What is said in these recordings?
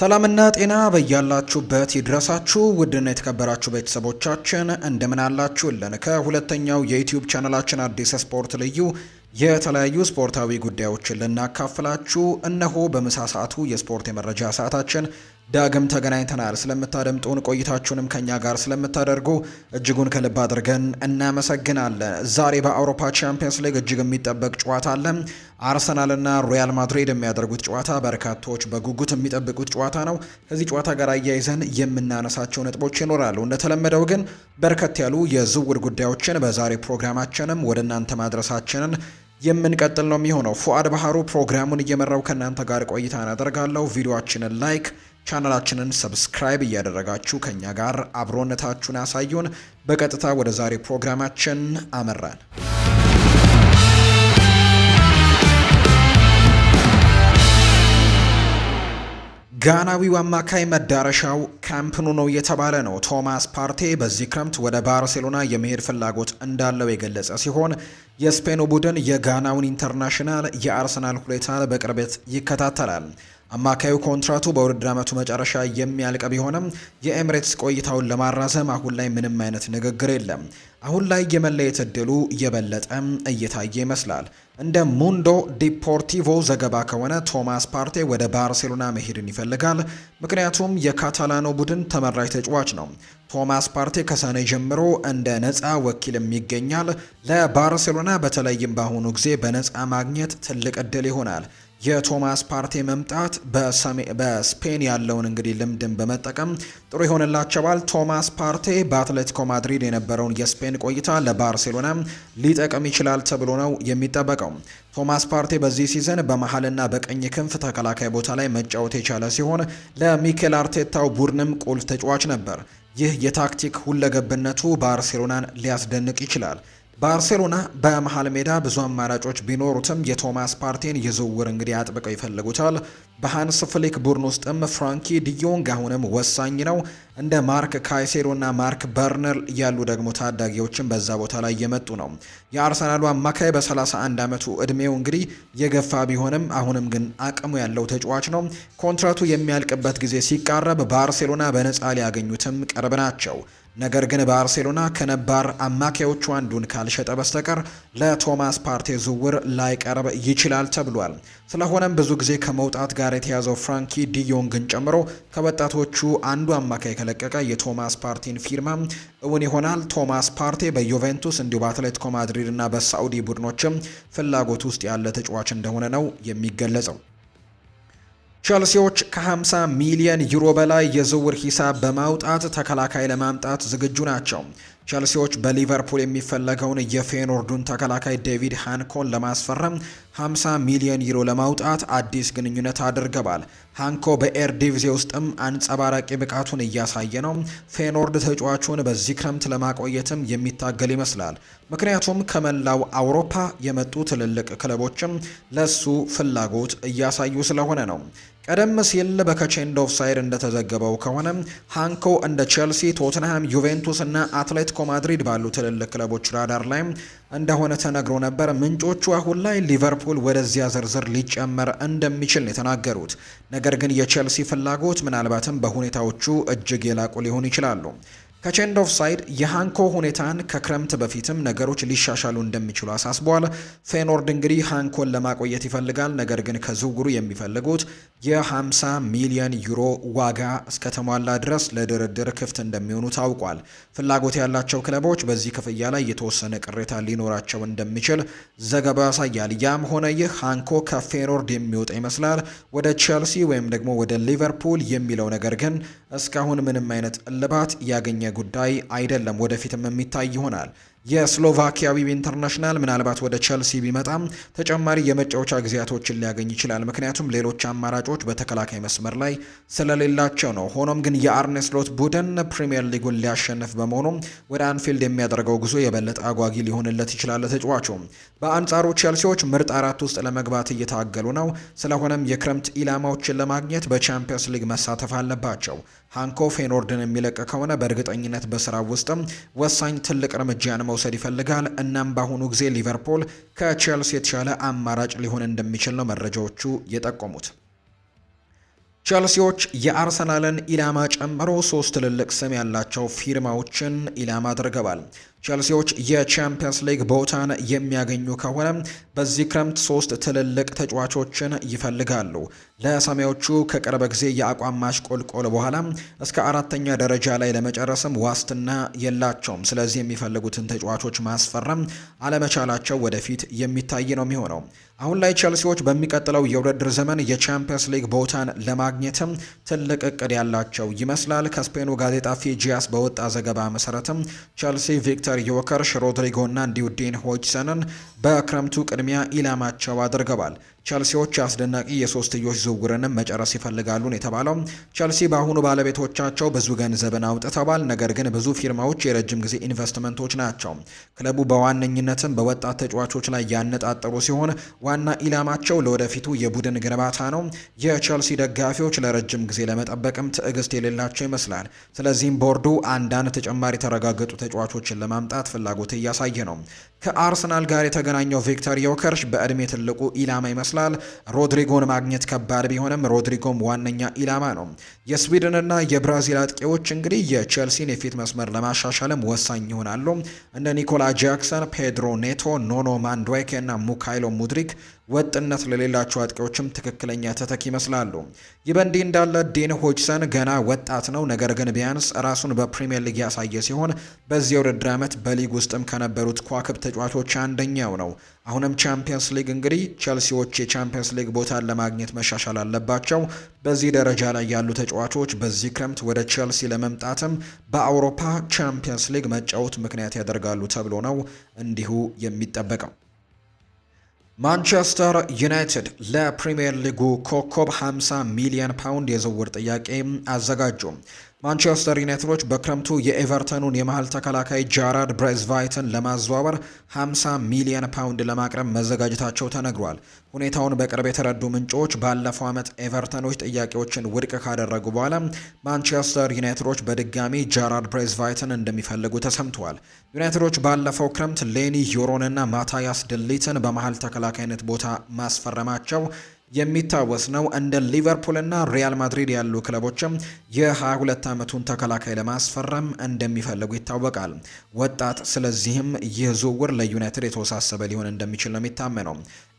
ሰላምና ጤና በያላችሁበት ይድረሳችሁ ውድና የተከበራችሁ ቤተሰቦቻችን እንደምን አላችሁልን? ከሁለተኛው የዩትዩብ ቻናላችን አዲስ ስፖርት ልዩ የተለያዩ ስፖርታዊ ጉዳዮችን ልናካፍላችሁ እነሆ በምሳ ሰዓቱ የስፖርት የመረጃ ሰዓታችን ዳግም ተገናኝተናል። ስለምታደምጡን ቆይታችሁንም ከኛ ጋር ስለምታደርጉ እጅጉን ከልብ አድርገን እናመሰግናለን። ዛሬ በአውሮፓ ቻምፒየንስ ሊግ እጅግ የሚጠበቅ ጨዋታ አለ። አርሰናልና ሪያል ማድሪድ የሚያደርጉት ጨዋታ በርካቶች በጉጉት የሚጠብቁት ጨዋታ ነው። ከዚህ ጨዋታ ጋር አያይዘን የምናነሳቸው ነጥቦች ይኖራሉ። እንደተለመደው ግን በርከት ያሉ የዝውውር ጉዳዮችን በዛሬ ፕሮግራማችንም ወደ እናንተ ማድረሳችንን የምንቀጥል ነው የሚሆነው። ፉአድ ባህሩ ፕሮግራሙን እየመራው ከእናንተ ጋር ቆይታን አደርጋለሁ። ቪዲዮችንን ላይክ ቻናላችንን ሰብስክራይብ እያደረጋችሁ ከኛ ጋር አብሮነታችሁን አሳዩን። በቀጥታ ወደ ዛሬ ፕሮግራማችን አመራን። ጋናዊው አማካይ መዳረሻው ካምፕኑ ነው የተባለ ነው። ቶማስ ፓርቴ በዚህ ክረምት ወደ ባርሴሎና የመሄድ ፍላጎት እንዳለው የገለጸ ሲሆን የስፔኑ ቡድን የጋናውን ኢንተርናሽናል የአርሰናል ሁኔታ በቅርበት ይከታተላል። አማካዩ ኮንትራቱ በውድድር ዓመቱ መጨረሻ የሚያልቅ ቢሆንም የኤምሬትስ ቆይታውን ለማራዘም አሁን ላይ ምንም አይነት ንግግር የለም። አሁን ላይ የመለየት እድሉ እየበለጠ እየታየ ይመስላል። እንደ ሙንዶ ዲፖርቲቮ ዘገባ ከሆነ ቶማስ ፓርቴ ወደ ባርሴሎና መሄድን ይፈልጋል። ምክንያቱም የካታላኖ ቡድን ተመራጭ ተጫዋች ነው። ቶማስ ፓርቴ ከሰኔ ጀምሮ እንደ ነፃ ወኪልም ይገኛል። ለባርሴሎና በተለይም በአሁኑ ጊዜ በነፃ ማግኘት ትልቅ እድል ይሆናል። የቶማስ ፓርቴ መምጣት በስፔን ያለውን እንግዲህ ልምድን በመጠቀም ጥሩ ይሆንላቸዋል። ቶማስ ፓርቴ በአትሌቲኮ ማድሪድ የነበረውን የስፔን ቆይታ ለባርሴሎና ሊጠቅም ይችላል ተብሎ ነው የሚጠበቀው። ቶማስ ፓርቴ በዚህ ሲዘን በመሀልና በቀኝ ክንፍ ተከላካይ ቦታ ላይ መጫወት የቻለ ሲሆን ለሚኬል አርቴታው ቡድንም ቁልፍ ተጫዋች ነበር። ይህ የታክቲክ ሁለገብነቱ ባርሴሎናን ሊያስደንቅ ይችላል። ባርሴሎና በመሃል ሜዳ ብዙ አማራጮች ቢኖሩትም የቶማስ ፓርቴን የዝውውር እንግዲህ አጥብቀው ይፈልጉታል። በሃንስ ፍሊክ ቡድን ውስጥም ፍራንኪ ዲዮንግ አሁንም ወሳኝ ነው። እንደ ማርክ ካይሴዶና ማርክ በርነር ያሉ ደግሞ ታዳጊዎችን በዛ ቦታ ላይ እየመጡ ነው። የአርሰናሉ አማካይ በ31 ዓመቱ እድሜው እንግዲህ የገፋ ቢሆንም አሁንም ግን አቅሙ ያለው ተጫዋች ነው። ኮንትራቱ የሚያልቅበት ጊዜ ሲቃረብ ባርሴሎና በነፃ ሊያገኙትም ቅርብ ናቸው። ነገር ግን ባርሴሎና ከነባር አማካዮቹ አንዱን ካልሸጠ በስተቀር ለቶማስ ፓርቴ ዝውውር ላይቀርብ ይችላል ተብሏል። ስለሆነም ብዙ ጊዜ ከመውጣት ጋር የተያዘው ፍራንኪ ዲዮንግን ጨምሮ ከወጣቶቹ አንዱ አማካይ ከለቀቀ የቶማስ ፓርቲን ፊርማ እውን ይሆናል። ቶማስ ፓርቴ በዩቬንቱስ እንዲሁ በአትሌቲኮ ማድሪድ እና በሳዑዲ ቡድኖችም ፍላጎት ውስጥ ያለ ተጫዋች እንደሆነ ነው የሚገለጸው። ቸልሲዎች ከ50 ሚሊዮን ዩሮ በላይ የዝውውር ሂሳብ በማውጣት ተከላካይ ለማምጣት ዝግጁ ናቸው። ቸልሲዎች በሊቨርፑል የሚፈለገውን የፌኖርዱን ተከላካይ ዴቪድ ሃንኮን ለማስፈረም 50 ሚሊዮን ዩሮ ለማውጣት አዲስ ግንኙነት አድርገዋል። ሃንኮ በኤርዲቪዜ ውስጥም አንጸባራቂ ብቃቱን እያሳየ ነው። ፌኖርድ ተጫዋቹን በዚህ ክረምት ለማቆየትም የሚታገል ይመስላል። ምክንያቱም ከመላው አውሮፓ የመጡ ትልልቅ ክለቦችም ለሱ ፍላጎት እያሳዩ ስለሆነ ነው። ቀደም ሲል በከቼንዶ ሳይድ እንደተዘገበው ከሆነ ሃንኮ እንደ ቼልሲ፣ ቶትንሃም፣ ዩቬንቱስ እና አትሌቲኮ ማድሪድ ባሉ ትልልቅ ክለቦች ራዳር ላይ እንደሆነ ተነግሮ ነበር። ምንጮቹ አሁን ላይ ሊቨርፑል ወደዚያ ዝርዝር ሊጨመር እንደሚችል ነው የተናገሩት። ነገር ግን የቼልሲ ፍላጎት ምናልባትም በሁኔታዎቹ እጅግ የላቁ ሊሆን ይችላሉ። ከቼንድ ኦፍ ሳይድ የሃንኮ ሁኔታን ከክረምት በፊትም ነገሮች ሊሻሻሉ እንደሚችሉ አሳስቧል። ፌኖርድ እንግዲህ ሃንኮን ለማቆየት ይፈልጋል። ነገር ግን ከዝውውሩ የሚፈልጉት የ50 ሚሊዮን ዩሮ ዋጋ እስከተሟላ ድረስ ለድርድር ክፍት እንደሚሆኑ ታውቋል። ፍላጎት ያላቸው ክለቦች በዚህ ክፍያ ላይ የተወሰነ ቅሬታ ሊኖራቸው እንደሚችል ዘገባ ያሳያል። ያም ሆነ ይህ ሃንኮ ከፌኖርድ የሚወጣ ይመስላል ወደ ቼልሲ ወይም ደግሞ ወደ ሊቨርፑል የሚለው ነገር ግን እስካሁን ምንም አይነት እልባት ያገኘ ጉዳይ አይደለም፣ ወደፊትም የሚታይ ይሆናል። የስሎቫኪያዊ ኢንተርናሽናል ምናልባት ወደ ቸልሲ ቢመጣም ተጨማሪ የመጫወቻ ጊዜያቶችን ሊያገኝ ይችላል፣ ምክንያቱም ሌሎች አማራጮች በተከላካይ መስመር ላይ ስለሌላቸው ነው። ሆኖም ግን የአርኔ ስሎት ቡድን ፕሪምየር ሊጉን ሊያሸንፍ በመሆኑ ወደ አንፊልድ የሚያደርገው ጉዞ የበለጠ አጓጊ ሊሆንለት ይችላል። ተጫዋቹ በአንጻሩ ቸልሲዎች ምርጥ አራት ውስጥ ለመግባት እየታገሉ ነው። ስለሆነም የክረምት ኢላማዎችን ለማግኘት በቻምፒየንስ ሊግ መሳተፍ አለባቸው። ሃንኮ ፌኖርድን የሚለቅ ከሆነ በእርግጠኝነት በስራ ውስጥም ወሳኝ ትልቅ እርምጃ መውሰድ መውሰድ ይፈልጋል። እናም በአሁኑ ጊዜ ሊቨርፑል ከቼልሲ የተሻለ አማራጭ ሊሆን እንደሚችል ነው መረጃዎቹ የጠቆሙት። ቸልሲዎች የአርሰናልን ኢላማ ጨምሮ ሶስት ትልልቅ ስም ያላቸው ፊርማዎችን ኢላማ አድርገዋል። ቸልሲዎች የቻምፒየንስ ሊግ ቦታን የሚያገኙ ከሆነ በዚህ ክረምት ሶስት ትልልቅ ተጫዋቾችን ይፈልጋሉ። ለሰማያዎቹ ከቅርብ ጊዜ የአቋም ማሽቆልቆል በኋላ እስከ አራተኛ ደረጃ ላይ ለመጨረስም ዋስትና የላቸውም። ስለዚህ የሚፈልጉትን ተጫዋቾች ማስፈረም አለመቻላቸው ወደፊት የሚታይ ነው የሚሆነው። አሁን ላይ ቸልሲዎች በሚቀጥለው የውድድር ዘመን የቻምፒየንስ ሊግ ቦታን ለማግኘትም ትልቅ እቅድ ያላቸው ይመስላል። ከስፔኑ ጋዜጣ ፊጂያስ በወጣ ዘገባ መሰረትም ቸልሲ ቪክተር ዮከርሽ፣ ሮድሪጎ እና እንዲሁ ዲን ሆጅሰንን በክረምቱ ቅድሚያ ኢላማቸው አድርገዋል። ቸልሲዎች አስደናቂ የሶስትዮሽ ዝውውርንም መጨረስ ይፈልጋሉን የተባለው ቸልሲ በአሁኑ ባለቤቶቻቸው ብዙ ገንዘብን አውጥተዋል። ነገር ግን ብዙ ፊርማዎች የረጅም ጊዜ ኢንቨስትመንቶች ናቸው። ክለቡ በዋነኝነትም በወጣት ተጫዋቾች ላይ ያነጣጠሩ ሲሆን ዋና ኢላማቸው ለወደፊቱ የቡድን ግንባታ ነው። የቸልሲ ደጋፊዎች ለረጅም ጊዜ ለመጠበቅም ትዕግስት የሌላቸው ይመስላል። ስለዚህም ቦርዱ አንዳንድ ተጨማሪ የተረጋገጡ ተጫዋቾችን ለማምጣት ፍላጎት እያሳየ ነው። ከአርሰናል ጋር የተገናኘው ቪክተር ዮከርሽ በእድሜ ትልቁ ኢላማ ይመስላል። ይመስላል። ሮድሪጎን ማግኘት ከባድ ቢሆንም ሮድሪጎም ዋነኛ ኢላማ ነው። የስዊድንና የብራዚል አጥቂዎች እንግዲህ የቼልሲን የፊት መስመር ለማሻሻልም ወሳኝ ይሆናሉ። እንደ ኒኮላ ጃክሰን፣ ፔድሮ ኔቶ፣ ኖኖ ማንድዌኬ እና ሙካይሎ ሙድሪክ ወጥነት ለሌላቸው አጥቂዎችም ትክክለኛ ተተክ ይመስላሉ። ይህ በእንዲህ እንዳለ ዴን ሆጅሰን ገና ወጣት ነው፣ ነገር ግን ቢያንስ ራሱን በፕሪምየር ሊግ ያሳየ ሲሆን በዚህ ውድድር ዓመት በሊግ ውስጥም ከነበሩት ኳክብ ተጫዋቾች አንደኛው ነው። አሁንም ቻምፒየንስ ሊግ እንግዲህ ቸልሲዎች የቻምፒየንስ ሊግ ቦታን ለማግኘት መሻሻል አለባቸው። በዚህ ደረጃ ላይ ያሉ ተጫዋቾች በዚህ ክረምት ወደ ቼልሲ ለመምጣትም በአውሮፓ ቻምፒየንስ ሊግ መጫወት ምክንያት ያደርጋሉ ተብሎ ነው እንዲሁ የሚጠበቀው። ማንቸስተር ዩናይትድ ለፕሪምየር ሊጉ ኮከብ 50 ሚሊዮን ፓውንድ የዝውውር ጥያቄ አዘጋጁ። ማንቸስተር ዩናይትዶች በክረምቱ የኤቨርተኑን የመሀል ተከላካይ ጃራድ ብሬዝቫይትን ለማዘዋወር 50 ሚሊዮን ፓውንድ ለማቅረብ መዘጋጀታቸው ተነግሯል። ሁኔታውን በቅርብ የተረዱ ምንጮች ባለፈው ዓመት ኤቨርተኖች ጥያቄዎችን ውድቅ ካደረጉ በኋላ ማንቸስተር ዩናይትዶች በድጋሚ ጃራድ ብሬዝቫይትን እንደሚፈልጉ ተሰምተዋል። ዩናይትዶች ባለፈው ክረምት ሌኒ ዮሮንና ማታያስ ድሊትን በመሀል ተከላካይነት ቦታ ማስፈረማቸው የሚታወስ ነው። እንደ ሊቨርፑልና ሪያል ማድሪድ ያሉ ክለቦችም የ22 ዓመቱን ተከላካይ ለማስፈረም እንደሚፈልጉ ይታወቃል። ወጣት ስለዚህም ይህ ዝውውር ለዩናይትድ የተወሳሰበ ሊሆን እንደሚችል ነው የሚታመነው።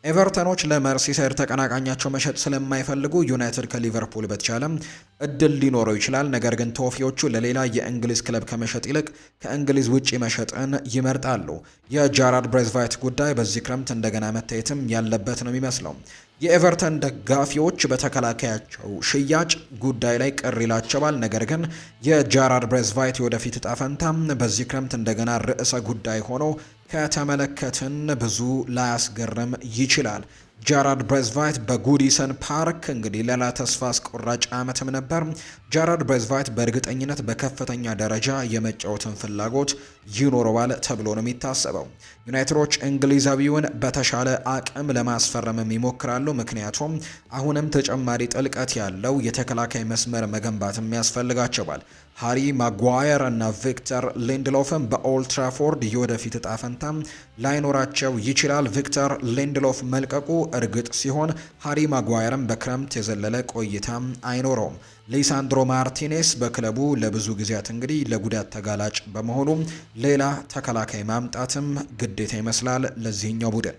ኤቨርተኖች ለመርሲሳይድ ተቀናቃኛቸው መሸጥ ስለማይፈልጉ ዩናይትድ ከሊቨርፑል በተቻለም እድል ሊኖረው ይችላል። ነገር ግን ቶፊዎቹ ለሌላ የእንግሊዝ ክለብ ከመሸጥ ይልቅ ከእንግሊዝ ውጪ መሸጥን ይመርጣሉ። የጃራርድ ብሬዝቫይት ጉዳይ በዚህ ክረምት እንደገና መታየትም ያለበት ነው የሚመስለው። የኤቨርተን ደጋፊዎች በተከላካያቸው ሽያጭ ጉዳይ ላይ ቅር ይላቸዋል። ነገር ግን የጃራርድ ብሬዝቫይት የወደፊት እጣ ፈንታ በዚህ ክረምት እንደገና ርዕሰ ጉዳይ ሆኖ ከተመለከትን ብዙ ላያስገርም ይችላል። ጃራድ ብሬዝቫይት በጉዲሰን ፓርክ እንግዲህ ሌላ ተስፋ አስቆራጭ ዓመትም ነበር። ጃራድ ብሬዝቫይት በእርግጠኝነት በከፍተኛ ደረጃ የመጫወትን ፍላጎት ይኖረዋል ተብሎ ነው የሚታሰበው። ዩናይትዶች እንግሊዛዊውን በተሻለ አቅም ለማስፈረምም ይሞክራሉ። ምክንያቱም አሁንም ተጨማሪ ጥልቀት ያለው የተከላካይ መስመር መገንባትም ያስፈልጋቸዋል። ሃሪ ማጓየር እና ቪክተር ሊንድሎፍን በኦልትራፎርድ የወደፊት እጣ ፈንታ ላይኖራቸው ይችላል። ቪክተር ሊንድሎፍ መልቀቁ እርግጥ ሲሆን ሃሪ ማጓየርም በክረምት የዘለለ ቆይታ አይኖረውም። ሊሳንድሮ ማርቲኔስ በክለቡ ለብዙ ጊዜያት እንግዲህ ለጉዳት ተጋላጭ በመሆኑ ሌላ ተከላካይ ማምጣትም ግዴታ ይመስላል ለዚህኛው ቡድን።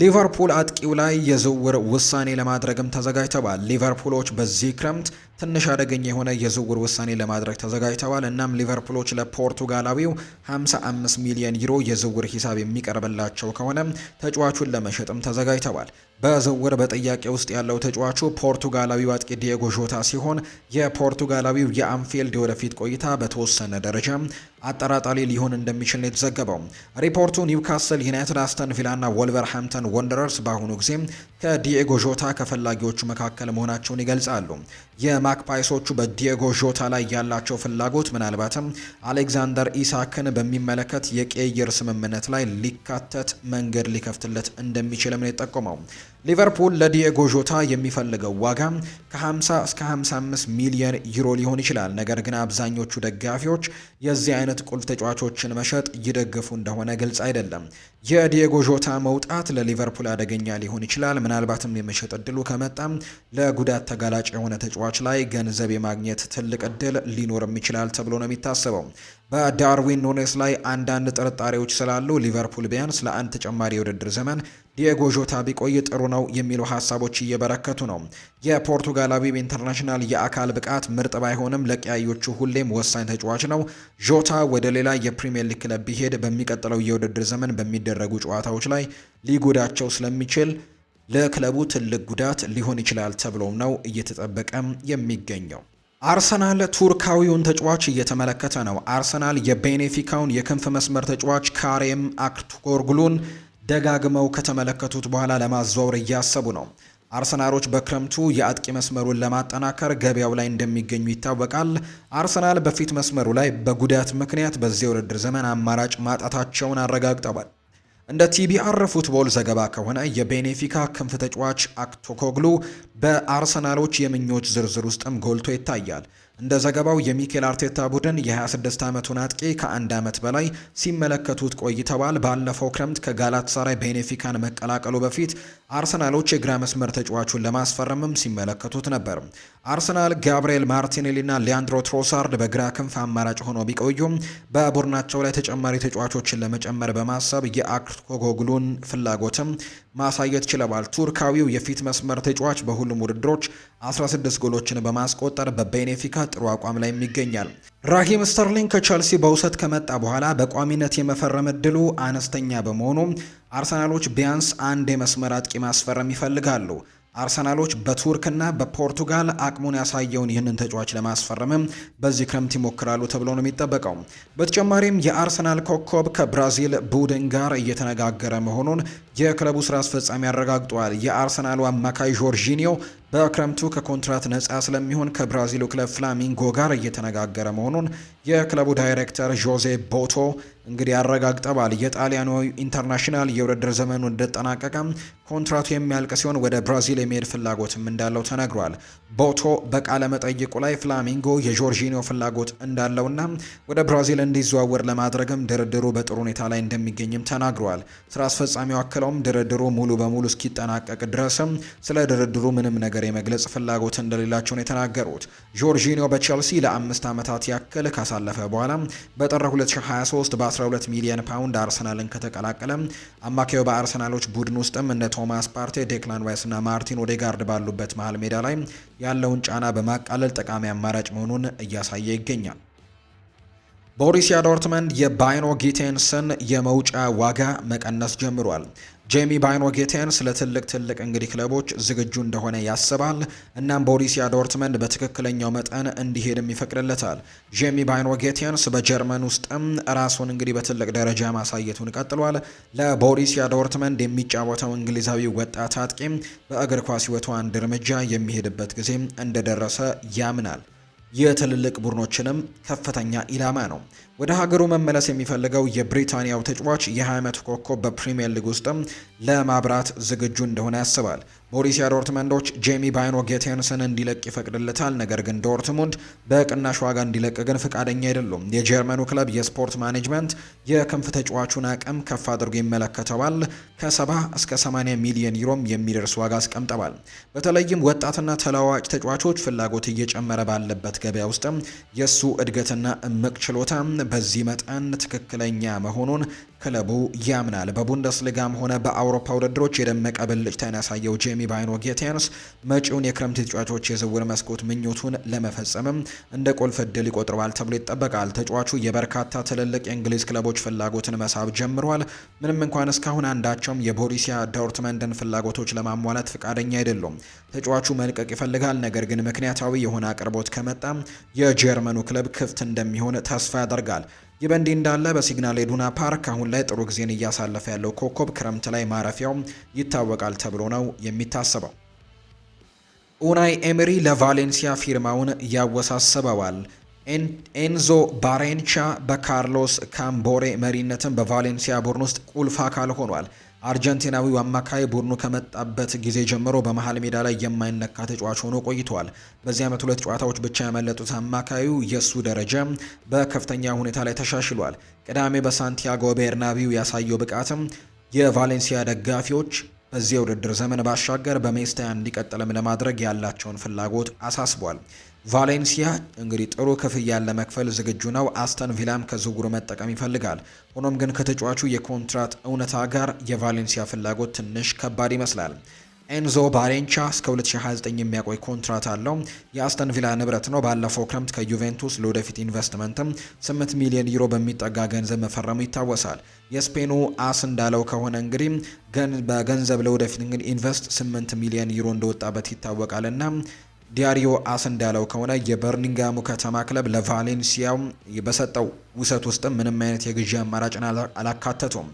ሊቨርፑል አጥቂው ላይ የዝውውር ውሳኔ ለማድረግም ተዘጋጅተዋል። ሊቨርፑሎች በዚህ ክረምት ትንሽ አደገኛ የሆነ የዝውውር ውሳኔ ለማድረግ ተዘጋጅተዋል። እናም ሊቨርፑሎች ለፖርቱጋላዊው 55 ሚሊዮን ዩሮ የዝውውር ሂሳብ የሚቀርብላቸው ከሆነ ተጫዋቹን ለመሸጥም ተዘጋጅተዋል። በዝውውር በጥያቄ ውስጥ ያለው ተጫዋቹ ፖርቱጋላዊው አጥቂ ዲየጎ ዦታ ሲሆን የፖርቱጋላዊው የአንፊልድ የወደፊት ቆይታ በተወሰነ ደረጃ አጠራጣሪ ሊሆን እንደሚችል ነው የተዘገበው። ሪፖርቱ ኒውካስል ዩናይትድ፣ አስተን ቪላና ወልቨርሃምፕተን ወንደረርስ በአሁኑ ጊዜ ከዲየጎ ዦታ ከፈላጊዎቹ መካከል መሆናቸውን ይገልጻሉ። የማክፓይሶቹ በዲየጎ ዦታ ላይ ያላቸው ፍላጎት ምናልባትም አሌክዛንደር ኢሳክን በሚመለከት የቅይር ስምምነት ላይ ሊካተት መንገድ ሊከፍትለት እንደሚችልም ነው የጠቆመው። ሊቨርፑል ለዲኤጎ ዦታ የሚፈልገው ዋጋ ከ50 እስከ 55 ሚሊየን ዩሮ ሊሆን ይችላል። ነገር ግን አብዛኞቹ ደጋፊዎች የዚህ አይነት ቁልፍ ተጫዋቾችን መሸጥ ይደግፉ እንደሆነ ግልጽ አይደለም። የዲኤጎ ዦታ መውጣት ለሊቨርፑል አደገኛ ሊሆን ይችላል። ምናልባትም የመሸጥ እድሉ ከመጣም ለጉዳት ተጋላጭ የሆነ ተጫዋች ላይ ገንዘብ የማግኘት ትልቅ እድል ሊኖርም ይችላል ተብሎ ነው የሚታሰበው። በዳርዊን ኑኔስ ላይ አንዳንድ ጥርጣሬዎች ስላሉ ሊቨርፑል ቢያንስ ለአንድ ተጨማሪ የውድድር ዘመን ዲየጎ ዦታ ቢቆይ ጥሩ ነው የሚሉ ሀሳቦች እየበረከቱ ነው። የፖርቱጋላዊው ኢንተርናሽናል የአካል ብቃት ምርጥ ባይሆንም ለቀያዮቹ ሁሌም ወሳኝ ተጫዋች ነው። ዦታ ወደ ሌላ የፕሪምየር ሊግ ክለብ ቢሄድ በሚቀጥለው የውድድር ዘመን በሚደረጉ ጨዋታዎች ላይ ሊጎዳቸው ስለሚችል ለክለቡ ትልቅ ጉዳት ሊሆን ይችላል ተብሎም ነው እየተጠበቀም የሚገኘው። አርሰናል ቱርካዊውን ተጫዋች እየተመለከተ ነው። አርሰናል የቤኔፊካውን የክንፍ መስመር ተጫዋች ካሬም አክቶርግሉን ደጋግመው ከተመለከቱት በኋላ ለማዘዋወር እያሰቡ ነው። አርሰናሎች በክረምቱ የአጥቂ መስመሩን ለማጠናከር ገበያው ላይ እንደሚገኙ ይታወቃል። አርሰናል በፊት መስመሩ ላይ በጉዳት ምክንያት በዚህ ውድድር ዘመን አማራጭ ማጣታቸውን አረጋግጠዋል። እንደ ቲቢአር ፉትቦል ዘገባ ከሆነ የቤኔፊካ ክንፍ ተጫዋች አክቶኮግሉ በአርሰናሎች የምኞች ዝርዝር ውስጥም ጎልቶ ይታያል። እንደ ዘገባው የሚኬል አርቴታ ቡድን የ26 ዓመቱን አጥቂ ከአንድ ዓመት በላይ ሲመለከቱት ቆይተዋል። ባለፈው ክረምት ከጋላት ሳራይ ቤኔፊካን መቀላቀሉ በፊት አርሰናሎች የግራ መስመር ተጫዋቹን ለማስፈረምም ሲመለከቱት ነበር። አርሰናል ጋብርኤል ማርቲኔሊና ሊያንድሮ ትሮሳርድ በግራ ክንፍ አማራጭ ሆኖ ቢቆዩም በቡድናቸው ላይ ተጨማሪ ተጫዋቾችን ለመጨመር በማሰብ የአክኮጎግሉን ፍላጎትም ማሳየት ችለዋል። ቱርካዊው የፊት መስመር ተጫዋች በሁሉም ውድድሮች 16 ጎሎችን በማስቆጠር በቤኔፊካ ጥሩ አቋም ላይ ይገኛል። ራሂም ስተርሊንግ ከቸልሲ በውሰት ከመጣ በኋላ በቋሚነት የመፈረም እድሉ አነስተኛ በመሆኑ አርሰናሎች ቢያንስ አንድ የመስመር አጥቂ ማስፈረም ይፈልጋሉ። አርሰናሎች በቱርክና በፖርቱጋል አቅሙን ያሳየውን ይህንን ተጫዋች ለማስፈረምም በዚህ ክረምት ይሞክራሉ ተብሎ ነው የሚጠበቀው። በተጨማሪም የአርሰናል ኮከብ ከብራዚል ቡድን ጋር እየተነጋገረ መሆኑን የክለቡ ስራ አስፈጻሚ አረጋግጧል። የአርሰናሉ አማካይ ጆርጂኒዮ በክረምቱ ከኮንትራት ነጻ ስለሚሆን ከብራዚሉ ክለብ ፍላሚንጎ ጋር እየተነጋገረ መሆኑን የክለቡ ዳይሬክተር ጆዜ ቦቶ እንግዲህ አረጋግጠዋል የጣሊያኑ ኢንተርናሽናል የውድድር ዘመኑ እንደጠናቀቀ ኮንትራቱ የሚያልቅ ሲሆን ወደ ብራዚል የመሄድ ፍላጎትም እንዳለው ተነግሯል። ቦቶ በቃለ መጠይቁ ላይ ፍላሚንጎ የጆርጂኒዮ ፍላጎት እንዳለውና ወደ ብራዚል እንዲዘዋወር ለማድረግም ድርድሩ በጥሩ ሁኔታ ላይ እንደሚገኝም ተናግሯል። ስራ አስፈጻሚው አክለው አክለውም ድርድሩ ሙሉ በሙሉ እስኪጠናቀቅ ድረስም ስለ ድርድሩ ምንም ነገር የመግለጽ ፍላጎት እንደሌላቸውን የተናገሩት ጆርጂኒዮ በቼልሲ ለአምስት ዓመታት ያክል ካሳለፈ በኋላ በጥር 2023 በ12 ሚሊዮን ፓውንድ አርሰናልን ከተቀላቀለ አማካዩ በአርሰናሎች ቡድን ውስጥም እንደ ቶማስ ፓርቴ፣ ዴክላን ዋይስና ማርቲን ኦዴጋርድ ባሉበት መሀል ሜዳ ላይ ያለውን ጫና በማቃለል ጠቃሚ አማራጭ መሆኑን እያሳየ ይገኛል። ቦሪሲያ ዶርትመንድ የባይኖ ጊቴንስን የመውጫ ዋጋ መቀነስ ጀምሯል። ጄሚ ባይኖ ጌቴንስ ለትልቅ ትልቅ እንግዲህ ክለቦች ዝግጁ እንደሆነ ያስባል። እናም ቦሪሲያ ዶርትመንድ በትክክለኛው መጠን እንዲሄድም ይፈቅድለታል። ጄሚ ባይኖ ጌቴንስ በጀርመን ውስጥም ራሱን እንግዲህ በትልቅ ደረጃ ማሳየቱን ቀጥሏል። ለቦሪሲያ ዶርትመንድ የሚጫወተው እንግሊዛዊ ወጣት አጥቂም በእግር ኳስ ሕይወቱ አንድ እርምጃ የሚሄድበት ጊዜ እንደደረሰ ያምናል። የትልልቅ ቡድኖችንም ከፍተኛ ኢላማ ነው። ወደ ሀገሩ መመለስ የሚፈልገው የብሪታንያው ተጫዋች የ20 ዓመቱ ኮከብ በፕሪምየር ሊግ ውስጥም ለማብራት ዝግጁ እንደሆነ ያስባል። ቦሪሲያ ዶርትመንዶች ጄሚ ባይኖ ጌቴንስን እንዲለቅ ይፈቅድለታል። ነገር ግን ዶርትሙንድ በቅናሽ ዋጋ እንዲለቅ ግን ፈቃደኛ አይደሉም። የጀርመኑ ክለብ የስፖርት ማኔጅመንት የክንፍ ተጫዋቹን አቅም ከፍ አድርጎ ይመለከተዋል። ከ70 እስከ 80 ሚሊዮን ዩሮም የሚደርስ ዋጋ አስቀምጠዋል። በተለይም ወጣትና ተለዋዋጭ ተጫዋቾች ፍላጎት እየጨመረ ባለበት ገበያ ውስጥ የእሱ እድገትና እምቅ ችሎታ በዚህ መጠን ትክክለኛ መሆኑን ክለቡ ያምናል። በቡንደስሊጋም ሆነ በአውሮፓ ውድድሮች የደመቀ ብልጭታን ያሳየው ጄሚ ባይኖ ጌቴንስ መጪውን የክረምት ተጫዋቾች የዝውውር መስኮት ምኞቱን ለመፈጸምም እንደ ቁልፍ እድል ይቆጥረዋል ተብሎ ይጠበቃል። ተጫዋቹ የበርካታ ትልልቅ የእንግሊዝ ክለቦች ፍላጎትን መሳብ ጀምሯል። ምንም እንኳን እስካሁን አንዳቸውም የቦሪሲያ ዶርትመንድን ፍላጎቶች ለማሟላት ፈቃደኛ አይደሉም። ተጫዋቹ መልቀቅ ይፈልጋል፣ ነገር ግን ምክንያታዊ የሆነ አቅርቦት ከመጣም የጀርመኑ ክለብ ክፍት እንደሚሆን ተስፋ ያደርጋል። ይህ በእንዲህ እንዳለ በሲግናል ኢዱና ፓርክ አሁን ላይ ጥሩ ጊዜን እያሳለፈ ያለው ኮከብ ክረምት ላይ ማረፊያው ይታወቃል ተብሎ ነው የሚታሰበው። ኡናይ ኤምሪ ለቫሌንሲያ ፊርማውን ያወሳስበዋል። ኤንዞ ባሬንቻ በካርሎስ ካምቦሬ መሪነትም በቫሌንሲያ ቡድን ውስጥ ቁልፍ አካል ሆኗል። አርጀንቲናዊው አማካይ ቡድኑ ከመጣበት ጊዜ ጀምሮ በመሀል ሜዳ ላይ የማይነካ ተጫዋች ሆኖ ቆይተዋል። በዚህ ዓመት ሁለት ጨዋታዎች ብቻ ያመለጡት አማካዩ የእሱ ደረጃ በከፍተኛ ሁኔታ ላይ ተሻሽሏል። ቅዳሜ በሳንቲያጎ ቤርናቢው ያሳየው ብቃትም የቫሌንሲያ ደጋፊዎች በዚህ የውድድር ዘመን ባሻገር በሜስታያ እንዲቀጥልም ለማድረግ ያላቸውን ፍላጎት አሳስቧል። ቫሌንሲያ እንግዲህ ጥሩ ክፍያን ለመክፈል ዝግጁ ነው። አስተን ቪላም ከዝውውሩ መጠቀም ይፈልጋል። ሆኖም ግን ከተጫዋቹ የኮንትራት እውነታ ጋር የቫሌንሲያ ፍላጎት ትንሽ ከባድ ይመስላል። ኤንዞ ባሬንቻ እስከ 2029 የሚያቆይ ኮንትራት አለው። የአስተን ቪላ ንብረት ነው። ባለፈው ክረምት ከዩቬንቱስ ለወደፊት ኢንቨስትመንትም 8 ሚሊዮን ዩሮ በሚጠጋ ገንዘብ መፈረሙ ይታወሳል። የስፔኑ አስ እንዳለው ከሆነ እንግዲህ በገንዘብ ለወደፊት ኢንቨስት 8 ሚሊዮን ዩሮ እንደወጣበት ይታወቃልና ዲያሪዮ አስ እንዳለው ከሆነ የበርኒንጋሙ ከተማ ክለብ ለቫሌንሲያው በሰጠው ውሰት ውስጥ ምንም አይነት የግዢ አማራጭን አላካተቱም።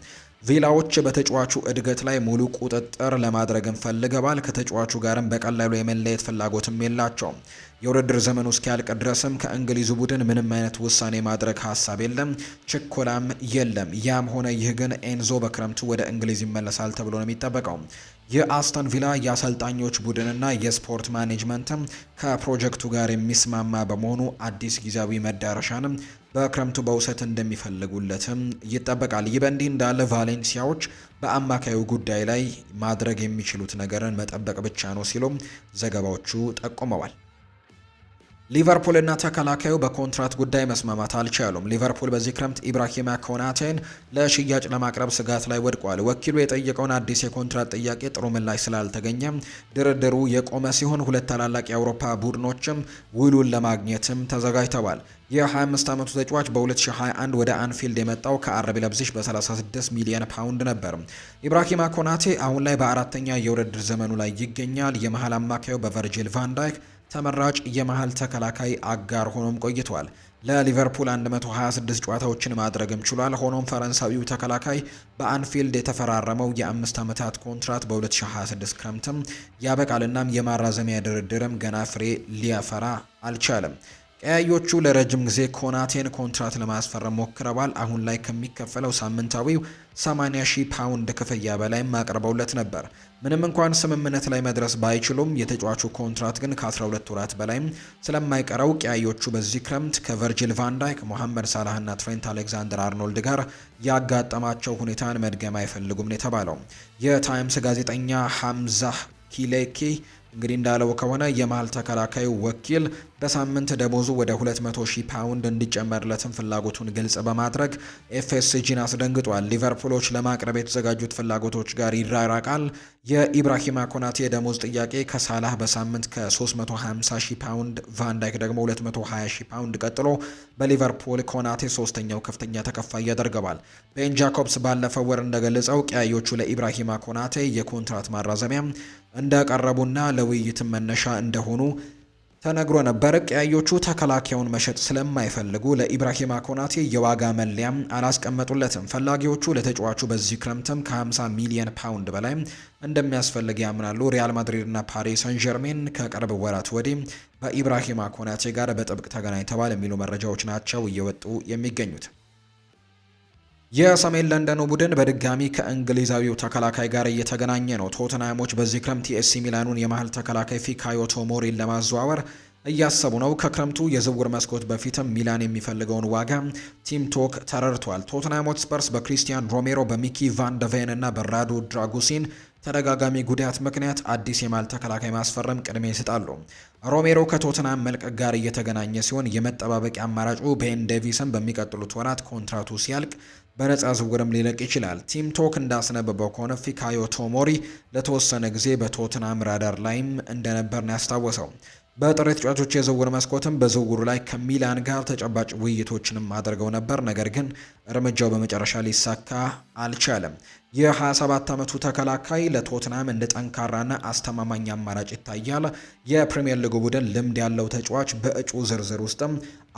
ቪላዎች በተጫዋቹ እድገት ላይ ሙሉ ቁጥጥር ለማድረግም ፈልገዋል። ከተጫዋቹ ጋርም በቀላሉ የመለየት ፍላጎትም የላቸውም። የውድድር ዘመኑ እስኪያልቅ ድረስም ከእንግሊዙ ቡድን ምንም አይነት ውሳኔ ማድረግ ሀሳብ የለም፣ ችኮላም የለም። ያም ሆነ ይህ ግን ኤንዞ በክረምቱ ወደ እንግሊዝ ይመለሳል ተብሎ ነው የሚጠበቀው። የአስተን ቪላ የአሰልጣኞች ቡድንና የስፖርት ማኔጅመንትም ከፕሮጀክቱ ጋር የሚስማማ በመሆኑ አዲስ ጊዜያዊ መዳረሻንም በክረምቱ በውሰት እንደሚፈልጉለትም ይጠበቃል። ይህ በእንዲህ እንዳለ ቫሌንሲያዎች በአማካዩ ጉዳይ ላይ ማድረግ የሚችሉት ነገርን መጠበቅ ብቻ ነው ሲሉም ዘገባዎቹ ጠቁመዋል። ሊቨርፑል እና ተከላካዩ በኮንትራት ጉዳይ መስማማት አልቻሉም። ሊቨርፑል በዚህ ክረምት ኢብራሂማ ኮናቴን ለሽያጭ ለማቅረብ ስጋት ላይ ወድቋል። ወኪሉ የጠየቀውን አዲስ የኮንትራት ጥያቄ ጥሩ ምላሽ ስላልተገኘ ድርድሩ የቆመ ሲሆን ሁለት ታላላቅ የአውሮፓ ቡድኖችም ውሉን ለማግኘትም ተዘጋጅተዋል። የ25 ዓመቱ ተጫዋች በ2021 ወደ አንፊልድ የመጣው ከአረብ ለብዚሽ በ36 ሚሊዮን ፓውንድ ነበር። ኢብራሂማ ኮናቴ አሁን ላይ በአራተኛ የውድድር ዘመኑ ላይ ይገኛል። የመሀል አማካዩ በቨርጂል ቫንዳይክ ተመራጭ የመሀል ተከላካይ አጋር ሆኖም ቆይቷል። ለሊቨርፑል 126 ጨዋታዎችን ማድረግም ችሏል። ሆኖም ፈረንሳዊው ተከላካይ በአንፊልድ የተፈራረመው የአምስት ዓመታት ኮንትራት በ2026 ክረምትም ያበቃልናም የማራዘሚያ ድርድርም ገና ፍሬ ሊያፈራ አልቻለም። ቀያዮቹ ለረጅም ጊዜ ኮናቴን ኮንትራት ለማስፈረም ሞክረዋል። አሁን ላይ ከሚከፈለው ሳምንታዊው 80 ሺህ ፓውንድ ክፍያ በላይም አቅርበውለት ነበር። ምንም እንኳን ስምምነት ላይ መድረስ ባይችሉም የተጫዋቹ ኮንትራት ግን ከ12 ወራት በላይም ስለማይቀረው ቀያዮቹ በዚህ ክረምት ከቨርጂል ቫንዳይክ፣ ሞሐመድ ሳላህና ትሬንት አሌክዛንደር አርኖልድ ጋር ያጋጠማቸው ሁኔታን መድገም አይፈልጉም ነው የተባለው። የታይምስ ጋዜጠኛ ሐምዛህ ኪሌኬ እንግዲህ እንዳለው ከሆነ የመሀል ተከላካዩ ወኪል በሳምንት ደሞዙ ወደ 200 ሺህ ፓውንድ እንዲጨመርለትም ፍላጎቱን ግልጽ በማድረግ ኤፍኤስጂን አስደንግጧል። ሊቨርፑሎች ለማቅረብ የተዘጋጁት ፍላጎቶች ጋር ይራራቃል። የኢብራሂማ ኮናቴ ደሞዝ ጥያቄ ከሳላህ በሳምንት ከ350 ሺህ ፓውንድ ቫንዳይክ ደግሞ 220 ሺህ ፓውንድ ቀጥሎ በሊቨርፑል ኮናቴ ሶስተኛው ከፍተኛ ተከፋይ ያደርገዋል። ቤን ጃኮብስ ባለፈው ወር እንደገለጸው ቀያዮቹ ለኢብራሂማ ኮናቴ የኮንትራት ማራዘሚያ እንዳቀረቡና ለውይይትም መነሻ እንደሆኑ ተነግሮ ነበር። ቀያዮቹ ተከላካዩን መሸጥ ስለማይፈልጉ ለኢብራሂማ ኮናቴ የዋጋ መለያም አላስቀመጡለትም። ፈላጊዎቹ ለተጫዋቹ በዚህ ክረምትም ከ50 ሚሊየን ፓውንድ በላይ እንደሚያስፈልግ ያምናሉ። ሪያል ማድሪድና ፓሪስ ሰን ዠርሜን ከቅርብ ወራት ወዲህ በኢብራሂማ ኮናቴ ጋር በጥብቅ ተገናኝተዋል የሚሉ መረጃዎች ናቸው እየወጡ የሚገኙት። የሰሜን ለንደኑ ቡድን በድጋሚ ከእንግሊዛዊው ተከላካይ ጋር እየተገናኘ ነው። ቶተናሞች በዚህ ክረምት የኤሲ ሚላኑን የመሀል ተከላካይ ፊካዮ ቶሞሪን ለማዘዋወር እያሰቡ ነው። ከክረምቱ የዝውውር መስኮት በፊትም ሚላን የሚፈልገውን ዋጋ ቲም ቶክ ተረድቷል። ቶትንሃሞች ስፐርስ በክሪስቲያን ሮሜሮ፣ በሚኪ ቫን ደቬን እና በራዱ ድራጉሲን ተደጋጋሚ ጉዳት ምክንያት አዲስ የማል ተከላካይ ማስፈረም ቅድሚያ ይሰጣሉ። ሮሜሮ ከቶትናም መልቀቅ ጋር እየተገናኘ ሲሆን የመጠባበቂያ አማራጩ ቤን ዴቪስን በሚቀጥሉት ወራት ኮንትራቱ ሲያልቅ በነፃ ዝውውርም ሊለቅ ይችላል። ቲም ቶክ እንዳስነበበው ከሆነ ፊካዮ ቶሞሪ ለተወሰነ ጊዜ በቶትናም ራዳር ላይም እንደነበር ነው ያስታወሰው። በጥሬ ተጫዋቾች የዝውውር መስኮትም በዝውውሩ ላይ ከሚላን ጋር ተጨባጭ ውይይቶችንም አድርገው ነበር። ነገር ግን እርምጃው በመጨረሻ ሊሳካ አልቻለም። የ27 ዓመቱ ተከላካይ ለቶትናም እንደ ጠንካራና አስተማማኝ አማራጭ ይታያል። የፕሪምየር ሊጉ ቡድን ልምድ ያለው ተጫዋች በእጩ ዝርዝር ውስጥም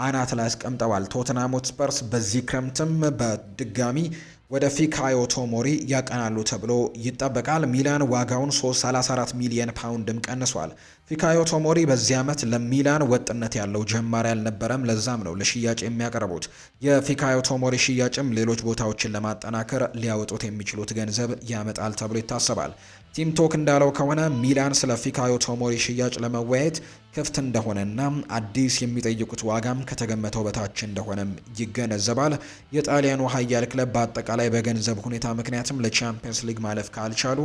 አናት ላይ አስቀምጠዋል። ቶትናም ሆትስፐርስ በዚህ ክረምትም በድጋሚ ወደ ፊካዮ ቶሞሪ ያቀናሉ ተብሎ ይጠበቃል። ሚላን ዋጋውን 334 ሚሊየን ፓውንድም ቀንሷል። ፊካዮ ቶሞሪ በዚህ ዓመት ለሚላን ወጥነት ያለው ጀማሪ አልነበረም። ለዛም ነው ለሽያጭ የሚያቀርቡት። የፊካዮ ቶሞሪ ሽያጭም ሌሎች ቦታዎችን ለማጠናከር ሊያወጡት የሚችሉት ገንዘብ ያመጣል ተብሎ ይታሰባል። ቲምቶክ እንዳለው ከሆነ ሚላን ስለ ፊካዮ ቶሞሪ ሽያጭ ለመወያየት ክፍት እንደሆነና አዲስ የሚጠይቁት ዋጋም ከተገመተው በታች እንደሆነም ይገነዘባል። የጣሊያኑ ኃያል ክለብ በአጠቃላይ በገንዘብ ሁኔታ ምክንያትም ለቻምፒየንስ ሊግ ማለፍ ካልቻሉ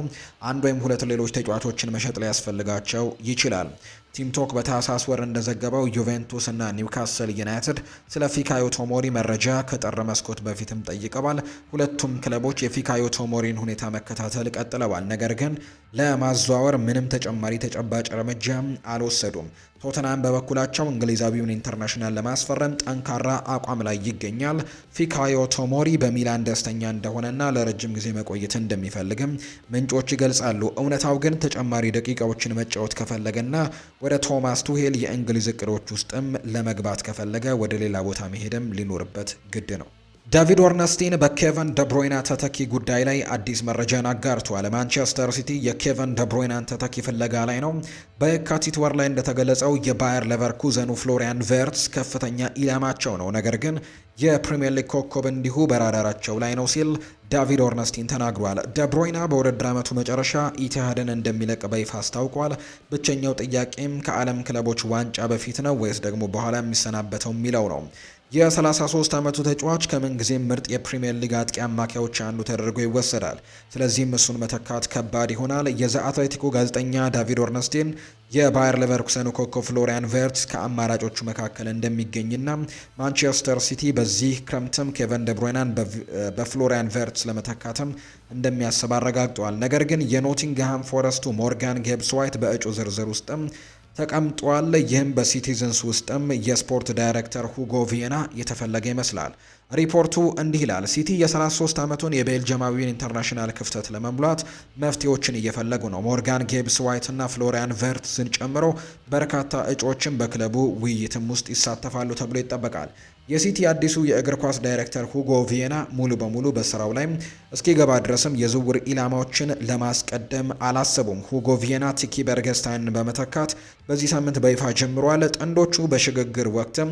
አንድ ወይም ሁለት ሌሎች ተጫዋቾችን መሸጥ ሊያስፈልጋቸው ይችላል። ቲምቶክ በታሳስ በታህሳስ ወር እንደዘገበው ዩቬንቱስ እና ኒውካስል ዩናይትድ ስለ ፊካዮ ቶሞሪ መረጃ ከጥር መስኮት በፊትም ጠይቀዋል። ሁለቱም ክለቦች የፊካዮ ቶሞሪን ሁኔታ መከታተል ቀጥለዋል፣ ነገር ግን ለማዘዋወር ምንም ተጨማሪ ተጨባጭ እርምጃ አልወሰዱም። ቶተናም በበኩላቸው እንግሊዛዊውን ኢንተርናሽናል ለማስፈረም ጠንካራ አቋም ላይ ይገኛል። ፊካዮ ቶሞሪ በሚላን ደስተኛ እንደሆነና ለረጅም ጊዜ መቆየት እንደሚፈልግም ምንጮች ይገልጻሉ። እውነታው ግን ተጨማሪ ደቂቃዎችን መጫወት ከፈለገና ወደ ቶማስ ቱሄል የእንግሊዝ እቅዶች ውስጥም ለመግባት ከፈለገ ወደ ሌላ ቦታ መሄድም ሊኖርበት ግድ ነው። ዳቪድ ኦርነስቲን በኬቨን ደብሮይና ተተኪ ጉዳይ ላይ አዲስ መረጃን አጋርቷል። ማንቸስተር ሲቲ የኬቨን ደብሮይናን ተተኪ ፍለጋ ላይ ነው። በየካቲት ወር ላይ እንደተገለጸው የባየር ለቨርኩዘኑ ፍሎሪያን ቬርትስ ከፍተኛ ኢላማቸው ነው፣ ነገር ግን የፕሪምየር ሊግ ኮከብ እንዲሁ በራዳራቸው ላይ ነው ሲል ዳቪድ ኦርነስቲን ተናግሯል። ደብሮይና በውድድር ዓመቱ መጨረሻ ኢትሃድን እንደሚለቅ በይፋ አስታውቋል። ብቸኛው ጥያቄም ከዓለም ክለቦች ዋንጫ በፊት ነው ወይስ ደግሞ በኋላ የሚሰናበተው የሚለው ነው። የ33 ዓመቱ ተጫዋች ከምንጊዜም ምርጥ የፕሪምየር ሊግ አጥቂ አማካዮች አንዱ ተደርጎ ይወሰዳል። ስለዚህም እሱን መተካት ከባድ ይሆናል። የዘ አትሌቲኮ ጋዜጠኛ ዳቪድ ኦርነስቲን የባየር ሌቨርኩሰኑ ኮከብ ፍሎሪያን ቨርትስ ከአማራጮቹ መካከል እንደሚገኝና ማንቸስተር ሲቲ በዚህ ክረምትም ኬቨን ደብሮይናን በፍሎሪያን ቨርትስ ለመተካትም እንደሚያስብ አረጋግጠዋል። ነገር ግን የኖቲንግሃም ፎረስቱ ሞርጋን ጌብስ ዋይት በእጩ ዝርዝር ውስጥም ተቀምጧል። ይህም በሲቲዝንስ ውስጥም የስፖርት ዳይሬክተር ሁጎ ቪየና የተፈለገ ይመስላል። ሪፖርቱ እንዲህ ይላል። ሲቲ የ33 ዓመቱን የቤልጅማዊን ኢንተርናሽናል ክፍተት ለመሙላት መፍትሄዎችን እየፈለጉ ነው። ሞርጋን ጌብስ ዋይትና ፍሎሪያን ቨርትስን ጨምሮ በርካታ እጩዎችን በክለቡ ውይይትም ውስጥ ይሳተፋሉ ተብሎ ይጠበቃል። የሲቲ አዲሱ የእግር ኳስ ዳይሬክተር ሁጎ ቪየና ሙሉ በሙሉ በስራው ላይ እስኪገባ ድረስም የዝውውር ኢላማዎችን ለማስቀደም አላሰቡም። ሁጎ ቪየና ቲኪ በርገስታይንን በመተካት በዚህ ሳምንት በይፋ ጀምሯል። ጥንዶቹ በሽግግር ወቅትም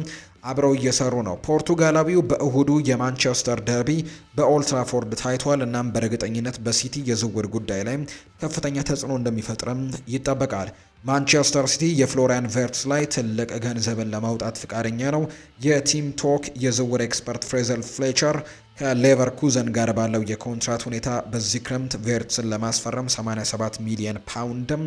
አብረው እየሰሩ ነው። ፖርቱጋላዊው በእሁዱ የማንቸስተር ደርቢ በኦልትራፎርድ ታይቷል። እናም በእርግጠኝነት በሲቲ የዝውውር ጉዳይ ላይ ከፍተኛ ተጽዕኖ እንደሚፈጥርም ይጠበቃል። ማንቸስተር ሲቲ የፍሎሪያን ቨርትስ ላይ ትልቅ ገንዘብን ለማውጣት ፍቃደኛ ነው። የቲም ቶክ የዝውውር ኤክስፐርት ፍሬዘል ፍሌቸር ከሌቨርኩዘን ጋር ባለው የኮንትራት ሁኔታ በዚህ ክረምት ቬርትስን ለማስፈረም 87 ሚሊዮን ፓውንድም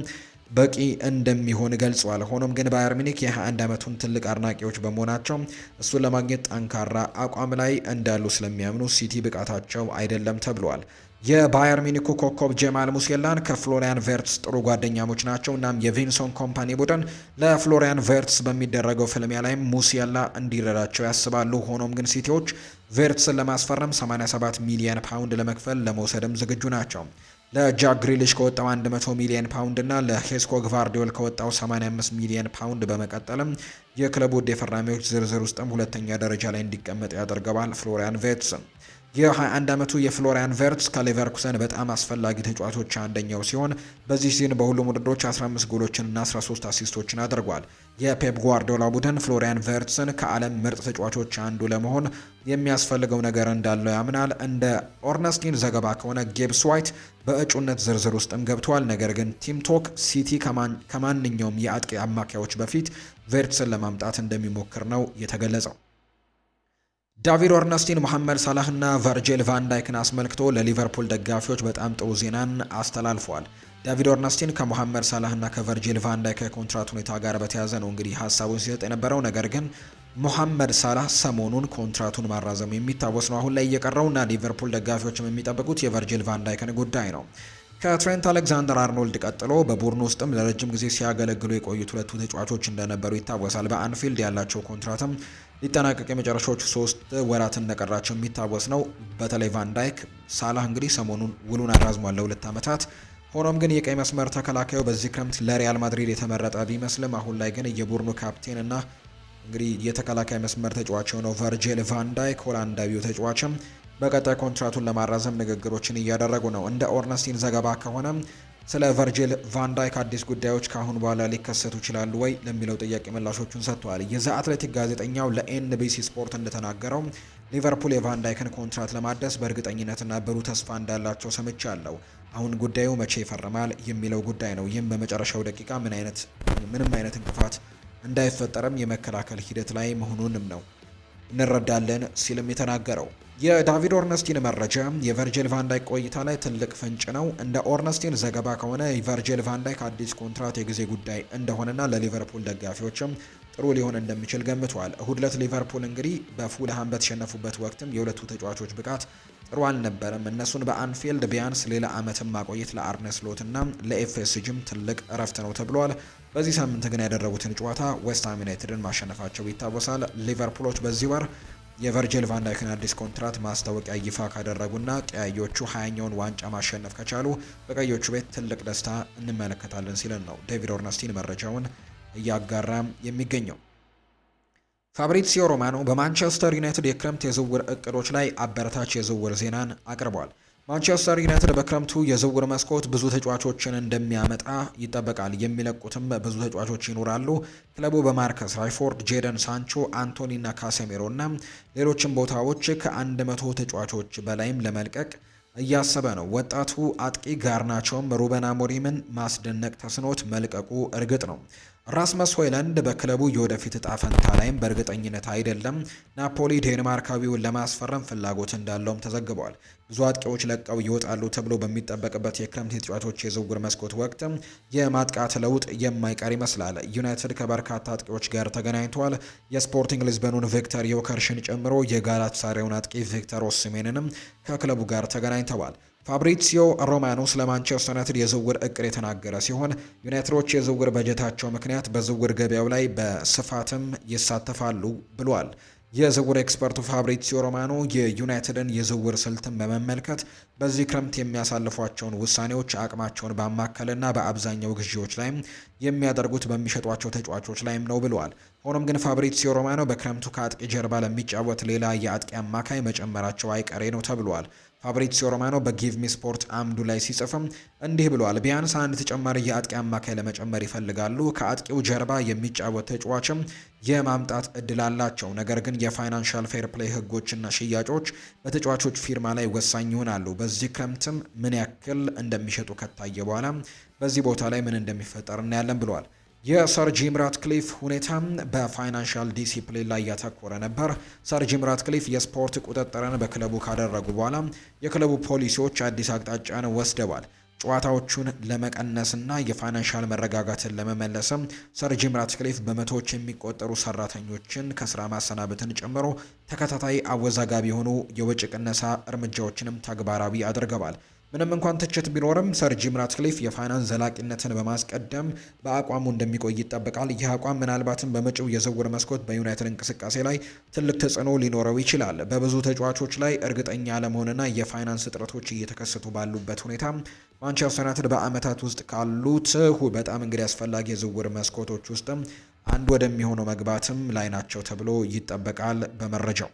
በቂ እንደሚሆን ገልጿል። ሆኖም ግን ባየር ሚኒክ የ21 ዓመቱን ትልቅ አድናቂዎች በመሆናቸው እሱን ለማግኘት ጠንካራ አቋም ላይ እንዳሉ ስለሚያምኑ ሲቲ ብቃታቸው አይደለም ተብሏል። የባየር ሚኒኩ ኮከብ ጀማል ሙሴላን ከፍሎሪያን ቬርትስ ጥሩ ጓደኛሞች ናቸው። እናም የቪንሶን ኮምፓኒ ቡድን ለፍሎሪያን ቬርትስ በሚደረገው ፍልሚያ ላይም ሙሴላ እንዲረዳቸው ያስባሉ። ሆኖም ግን ሲቲዎች ቨርትስን ለማስፈረም 87 ሚሊየን ፓውንድ ለመክፈል ለመውሰድም ዝግጁ ናቸው። ለጃክ ግሪሊሽ ከወጣው 100 ሚሊየን ፓውንድ እና ለሄስኮ ግቫርዲዮል ከወጣው 85 ሚሊዮን ፓውንድ በመቀጠልም የክለቡ ውድ የፈራሚዎች ዝርዝር ውስጥም ሁለተኛ ደረጃ ላይ እንዲቀመጥ ያደርገዋል። ፍሎሪያን ቬትስ። የ21 ዓመቱ የፍሎሪያን ቨርትስ ከሌቨርኩሰን በጣም አስፈላጊ ተጫዋቾች አንደኛው ሲሆን በዚህ ሲዝን በሁሉም ውድድሮች 15 ጎሎችንና 13 አሲስቶችን አድርጓል። የፔፕ ጓርዲዮላ ቡድን ፍሎሪያን ቨርትስን ከዓለም ምርጥ ተጫዋቾች አንዱ ለመሆን የሚያስፈልገው ነገር እንዳለው ያምናል። እንደ ኦርነስቲን ዘገባ ከሆነ ጌብስ ዋይት በእጩነት ዝርዝር ውስጥም ገብቷል። ነገር ግን ቲምቶክ ሲቲ ከማንኛውም የአጥቂ አማካዮች በፊት ቨርትስን ለማምጣት እንደሚሞክር ነው የተገለጸው። ዳቪድ ኦርነስቲን ሞሐመድ ሳላህና ቨርጂል ቫንዳይክን አስመልክቶ ለሊቨርፑል ደጋፊዎች በጣም ጥሩ ዜናን አስተላልፏል። ዳቪድ ኦርነስቲን ከሞሐመድ ሳላህና ከቨርጂል ቫንዳይክ የኮንትራት ሁኔታ ጋር በተያያዘ ነው እንግዲህ ሀሳቡን ሲሰጥ የነበረው። ነገር ግን ሞሐመድ ሳላህ ሰሞኑን ኮንትራቱን ማራዘሙ የሚታወስ ነው። አሁን ላይ እየቀረውና ሊቨርፑል ደጋፊዎችም የሚጠብቁት የቨርጂል ቫንዳይክን ጉዳይ ነው። ከትሬንት አሌክዛንደር አርኖልድ ቀጥሎ በቡድን ውስጥም ለረጅም ጊዜ ሲያገለግሉ የቆዩት ሁለቱ ተጫዋቾች እንደነበሩ ይታወሳል። በአንፊልድ ያላቸው ኮንትራትም ሊጠናቀቅ የመጨረሻዎቹ ሶስት ወራት እንደቀራቸው የሚታወስ ነው። በተለይ ቫንዳይክ ሳላህ እንግዲህ ሰሞኑን ውሉን አራዝሟል ለሁለት ዓመታት። ሆኖም ግን የቀይ መስመር ተከላካዩ በዚህ ክረምት ለሪያል ማድሪድ የተመረጠ ቢመስልም አሁን ላይ ግን የቡድኑ ካፕቴንና እንግዲህ የተከላካይ መስመር ተጫዋች ነው ቨርጂል ቫንዳይክ ሆላንዳዊው ተጫዋችም በቀጣይ ኮንትራቱን ለማራዘም ንግግሮችን እያደረጉ ነው። እንደ ኦርነስቲን ዘገባ ከሆነም ስለ ቨርጂል ቫንዳይክ አዲስ ጉዳዮች ከአሁን በኋላ ሊከሰቱ ይችላሉ ወይ ለሚለው ጥያቄ ምላሾቹን ሰጥተዋል። የዛ አትሌቲክ ጋዜጠኛው ለኤንቢሲ ስፖርት እንደተናገረው ሊቨርፑል የቫንዳይክን ኮንትራት ለማደስ በእርግጠኝነትና ብሩህ ተስፋ እንዳላቸው ሰምቻለሁ። አሁን ጉዳዩ መቼ ይፈርማል የሚለው ጉዳይ ነው። ይህም በመጨረሻው ደቂቃ ምን አይነት ምንም አይነት እንቅፋት እንዳይፈጠርም የመከላከል ሂደት ላይ መሆኑንም ነው እንረዳለን ሲልም የተናገረው የዳቪድ ኦርነስቲን መረጃ የቨርጂል ቫንዳይክ ቆይታ ላይ ትልቅ ፍንጭ ነው። እንደ ኦርነስቲን ዘገባ ከሆነ ቨርጅል ቫንዳይክ አዲስ ኮንትራት የጊዜ ጉዳይ እንደሆነና ለሊቨርፑል ደጋፊዎችም ጥሩ ሊሆን እንደሚችል ገምቷል። እሁድ ዕለት ሊቨርፑል እንግዲህ በፉልሃም በተሸነፉበት ወቅትም የሁለቱ ተጫዋቾች ብቃት ጥሩ አልነበረም። እነሱን በአንፊልድ ቢያንስ ሌላ ዓመትን ማቆየት ለአርነ ስሎትና ለኤፍኤስጂም ትልቅ እረፍት ነው ተብሏል። በዚህ ሳምንት ግን ያደረጉትን ጨዋታ ዌስትሃም ዩናይትድን ማሸነፋቸው ይታወሳል። ሊቨርፑሎች በዚህ ወር የቨርጅል ቫንዳይክን አዲስ ኮንትራት ማስታወቂያ ይፋ ካደረጉና ቀያዮቹ ሀያኛውን ዋንጫ ማሸነፍ ከቻሉ በቀዮቹ ቤት ትልቅ ደስታ እንመለከታለን ሲለን ነው ዴቪድ ኦርነስቲን መረጃውን እያጋራ የሚገኘው። ፋብሪሲዮ ሮማኖ በማንቸስተር ዩናይትድ የክረምት የዝውውር እቅዶች ላይ አበረታች የዝውውር ዜናን አቅርቧል። ማንቸስተር ዩናይትድ በክረምቱ የዝውውር መስኮት ብዙ ተጫዋቾችን እንደሚያመጣ ይጠበቃል። የሚለቁትም ብዙ ተጫዋቾች ይኖራሉ። ክለቡ በማርከስ ራሽፎርድ፣ ጄደን ሳንቾ፣ አንቶኒና እና ሌሎችም ቦታዎች ከአንድ መቶ ተጫዋቾች በላይም ለመልቀቅ እያሰበ ነው። ወጣቱ አጥቂ ጋርናቸውም ሩበን አሞሪምን ማስደነቅ ተስኖት መልቀቁ እርግጥ ነው። ራስመስ ሆይላንድ በክለቡ የወደፊት እጣ ፈንታ ላይም በእርግጠኝነት አይደለም። ናፖሊ ዴንማርካዊውን ለማስፈረም ፍላጎት እንዳለውም ተዘግቧል። ብዙ አጥቂዎች ለቀው ይወጣሉ ተብሎ በሚጠበቅበት የክረምት ተጫዋቾች የዝውውር መስኮት ወቅት የማጥቃት ለውጥ የማይቀር ይመስላል። ዩናይትድ ከበርካታ አጥቂዎች ጋር ተገናኝቷል። የስፖርቲንግ ሊዝበኑን ቪክተር ዮከርሽን ጨምሮ የጋላታሳራዩን አጥቂ ቪክተር ኦስሜንንም ከክለቡ ጋር ተገናኝተዋል። ፋብሪሲዮ ሮማኖ ስለ ማንቸስተር ዩናይትድ የዝውውር እቅድ የተናገረ ሲሆን ዩናይትዶች የዝውውር በጀታቸው ምክንያት በዝውውር ገበያው ላይ በስፋትም ይሳተፋሉ ብሏል። የዝውውር ኤክስፐርቱ ፋብሪሲዮ ሮማኖ የዩናይትድን የዝውውር ስልትን በመመልከት በዚህ ክረምት የሚያሳልፏቸውን ውሳኔዎች አቅማቸውን ባማከልና በአብዛኛው ግዢዎች ላይም የሚያደርጉት በሚሸጧቸው ተጫዋቾች ላይም ነው ብለዋል። ሆኖም ግን ፋብሪሲዮ ሮማኖ በክረምቱ ከአጥቂ ጀርባ ለሚጫወት ሌላ የአጥቂ አማካይ መጨመራቸው አይቀሬ ነው ተብሏል። ፋብሪዚዮ ሮማኖ ሚ ስፖርት አምዱ ላይ ሲጽፍም እንዲህ ብሏል። ቢያንስ አንድ ተጨማሪ የአጥቂ አማካይ ለመጨመር ይፈልጋሉ። ከአጥቂው ጀርባ የሚጫወት ተጫዋችም የማምጣት እድል አላቸው። ነገር ግን የፋይናንሻል ፌር ፕሌይ ህጎችና ሽያጮች በተጫዋቾች ፊርማ ላይ ወሳኝ ይሆናሉ። በዚህ ክረምትም ምን ያክል እንደሚሸጡ ከታየ በኋላ በዚህ ቦታ ላይ ምን እንደሚፈጠር እናያለን ብሏል። የሰር ጂም ራትክሊፍ ሁኔታ በፋይናንሻል ዲሲፕሊን ላይ ያተኮረ ነበር። ሰር ጂም ራትክሊፍ የስፖርት ቁጥጥርን በክለቡ ካደረጉ በኋላ የክለቡ ፖሊሲዎች አዲስ አቅጣጫን ወስደዋል። ጨዋታዎቹን ለመቀነስና የፋይናንሻል መረጋጋትን ለመመለስም ሰር ጂም ራትክሊፍ በመቶዎች የሚቆጠሩ ሰራተኞችን ከስራ ማሰናበትን ጨምሮ ተከታታይ አወዛጋቢ የሆኑ የወጪ ቅነሳ እርምጃዎችንም ተግባራዊ አድርገዋል። ምንም እንኳን ትችት ቢኖርም ሰር ጂም ራትክሊፍ የፋይናንስ ዘላቂነትን በማስቀደም በአቋሙ እንደሚቆይ ይጠበቃል። ይህ አቋም ምናልባትም በመጪው የዝውውር መስኮት በዩናይትድ እንቅስቃሴ ላይ ትልቅ ተጽዕኖ ሊኖረው ይችላል። በብዙ ተጫዋቾች ላይ እርግጠኛ አለመሆንና የፋይናንስ እጥረቶች እየተከሰቱ ባሉበት ሁኔታ ማንቸስተር ዩናይትድ በዓመታት ውስጥ ካሉት በጣም እንግዲህ አስፈላጊ የዝውውር መስኮቶች ውስጥም አንድ ወደሚሆነው መግባትም ላይ ናቸው ተብሎ ይጠበቃል በመረጃው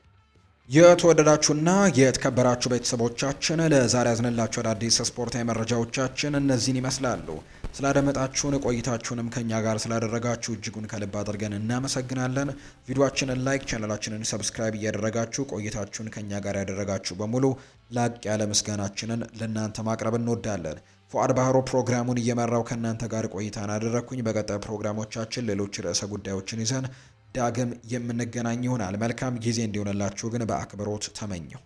የተወደዳችሁና የተከበራችሁ ቤተሰቦቻችን ለዛሬ ያዝንላችሁ አዳዲስ ስፖርታዊ መረጃዎቻችን እነዚህን ይመስላሉ። ስላደመጣችሁን ቆይታችሁንም ከኛ ጋር ስላደረጋችሁ እጅጉን ከልብ አድርገን እናመሰግናለን። ቪዲዮችንን ላይክ፣ ቻናላችንን ሰብስክራይብ እያደረጋችሁ ቆይታችሁን ከኛ ጋር ያደረጋችሁ በሙሉ ላቅ ያለ ምስጋናችንን ለእናንተ ማቅረብ እንወዳለን። ፉአድ ባህሮ ፕሮግራሙን እየመራው ከእናንተ ጋር ቆይታን አደረግኩኝ። በቀጣይ ፕሮግራሞቻችን ሌሎች ርዕሰ ጉዳዮችን ይዘን ዳግም የምንገናኝ ይሆናል። መልካም ጊዜ እንዲሆንላችሁ ግን በአክብሮት ተመኘው።